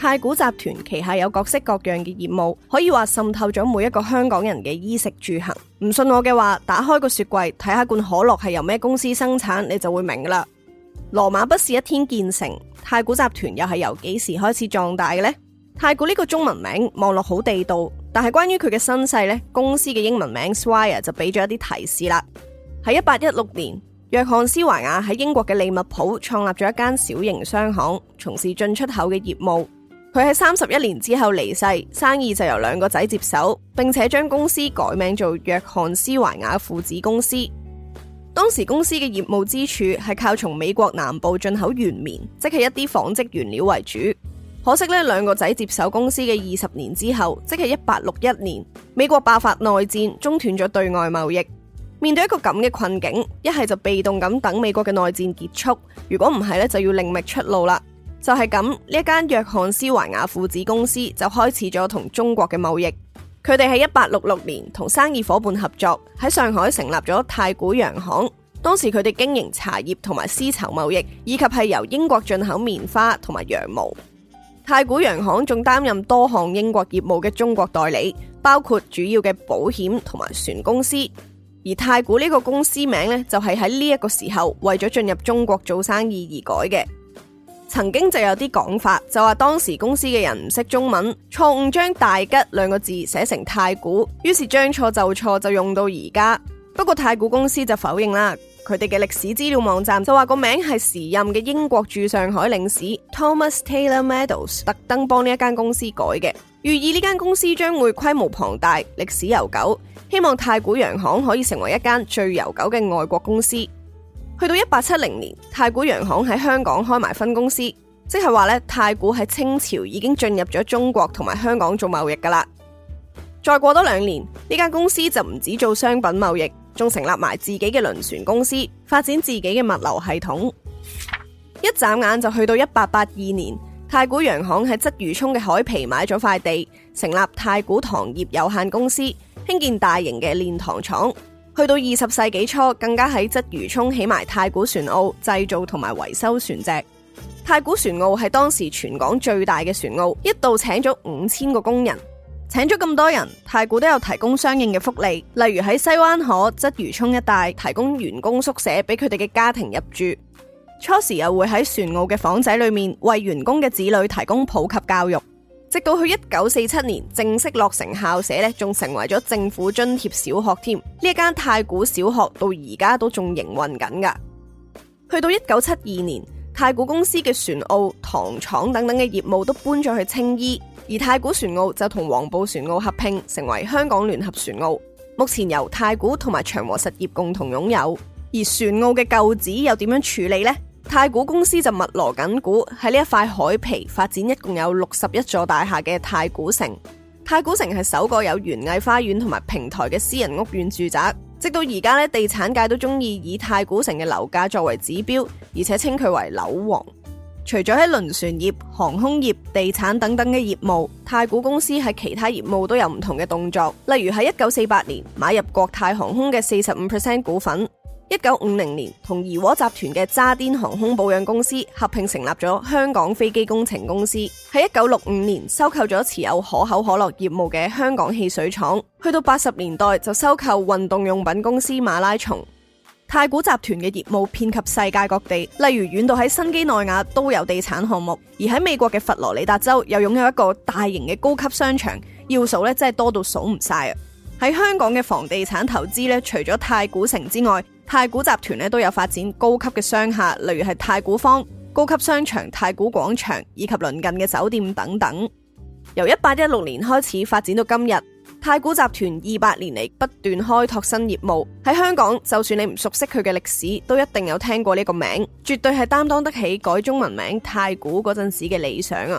太古集團旗下有各式各樣嘅業務，可以話滲透咗每一個香港人嘅衣食住行。唔信我嘅話，打開個雪櫃睇下罐可樂係由咩公司生產，你就會明㗎啦。羅馬不是一天建成，太古集團又係由幾時開始壯大嘅呢？太古呢個中文名望落好地道，但係關於佢嘅身世呢，公司嘅英文名 Swire 就俾咗一啲提示啦。喺一八一六年，約翰斯懷亞喺英國嘅利物浦創立咗一間小型商行，從事進出口嘅業務。佢喺三十一年之後離世，生意就由兩個仔接手，並且將公司改名做約翰斯懷雅父子公司。當時公司嘅業務支柱係靠從美國南部進口原棉，即係一啲紡織原料為主。可惜呢兩個仔接手公司嘅二十年之後，即係一八六一年，美國爆發內戰，中斷咗對外貿易。面對一個咁嘅困境，一係就被動咁等美國嘅內戰結束，如果唔係咧，就要另覓出路啦。就係咁，呢一間約翰斯華雅父子公司就開始咗同中國嘅貿易。佢哋喺一八六六年同生意夥伴合作喺上海成立咗太古洋行。當時佢哋經營茶葉同埋絲綢貿易，以及係由英國進口棉花同埋羊毛。太古洋行仲擔任多項英國業務嘅中國代理，包括主要嘅保險同埋船公司。而太古呢個公司名呢，就係喺呢一個時候為咗進入中國做生意而改嘅。曾經就有啲講法，就話當時公司嘅人唔識中文，錯誤將大吉兩個字寫成太古，於是將錯就錯就用到而家。不過太古公司就否認啦，佢哋嘅歷史資料網站就話個名係時任嘅英國駐上海領事 Thomas Taylor Meadows 特登幫呢一間公司改嘅，寓意呢間公司將會規模龐大、歷史悠久，希望太古洋行可以成為一間最悠久嘅外國公司。去到一八七零年，太古洋行喺香港開埋分公司，即係話咧，太古喺清朝已經進入咗中國同埋香港做貿易噶啦。再過多兩年，呢間公司就唔止做商品貿易，仲成立埋自己嘅輪船公司，發展自己嘅物流系統。一眨眼就去到一八八二年，太古洋行喺鰂魚涌嘅海皮買咗塊地，成立太古糖業有限公司，興建大型嘅煉糖廠。去到二十世紀初，更加喺鰂魚涌起埋太古船澳，製造同埋維修船隻。太古船澳係當時全港最大嘅船澳，一度請咗五千個工人。請咗咁多人，太古都有提供相應嘅福利，例如喺西灣河、鰂魚涌一帶提供員工宿舍俾佢哋嘅家庭入住。初時又會喺船澳嘅房仔裏面為員工嘅子女提供普及教育。直到去一九四七年正式落成校舍咧，仲成為咗政府津貼小學添。呢間太古小學到而家都仲營運緊噶。去到一九七二年，太古公司嘅船澳糖廠等等嘅業務都搬咗去青衣，而太古船澳就同黃埔船澳合併，成為香港聯合船澳。目前由太古同埋長和實業共同擁有。而船澳嘅舊址又點樣處理呢？太古公司就密鑼緊鼓喺呢一塊海皮發展，一共有六十一座大廈嘅太古城。太古城係首個有園藝花園同埋平台嘅私人屋苑住宅。直到而家咧，地產界都中意，以太古城嘅樓價作為指標，而且稱佢為樓王。除咗喺輪船業、航空業、地產等等嘅業務，太古公司喺其他業務都有唔同嘅動作。例如喺一九四八年買入國泰航空嘅四十五 percent 股份。一九五零年，同怡和集團嘅渣甸航空保養公司合併成立咗香港飛機工程公司。喺一九六五年，收購咗持有可口可樂業務嘅香港汽水廠。去到八十年代，就收購運動用品公司馬拉松。太古集團嘅業務遍及世界各地，例如遠到喺新幾內亞都有地產項目，而喺美國嘅佛羅里達州又擁有一個大型嘅高級商場，要數咧真係多到數唔晒啊！喺香港嘅房地產投資咧，除咗太古城之外，太古集團咧都有發展高級嘅商廈，例如係太古坊、高級商場、太古廣場以及鄰近嘅酒店等等。由一八一六年開始發展到今日，太古集團二百年嚟不斷開拓新業務。喺香港，就算你唔熟悉佢嘅歷史，都一定有聽過呢個名，絕對係擔當得起改中文名太古嗰陣時嘅理想啊！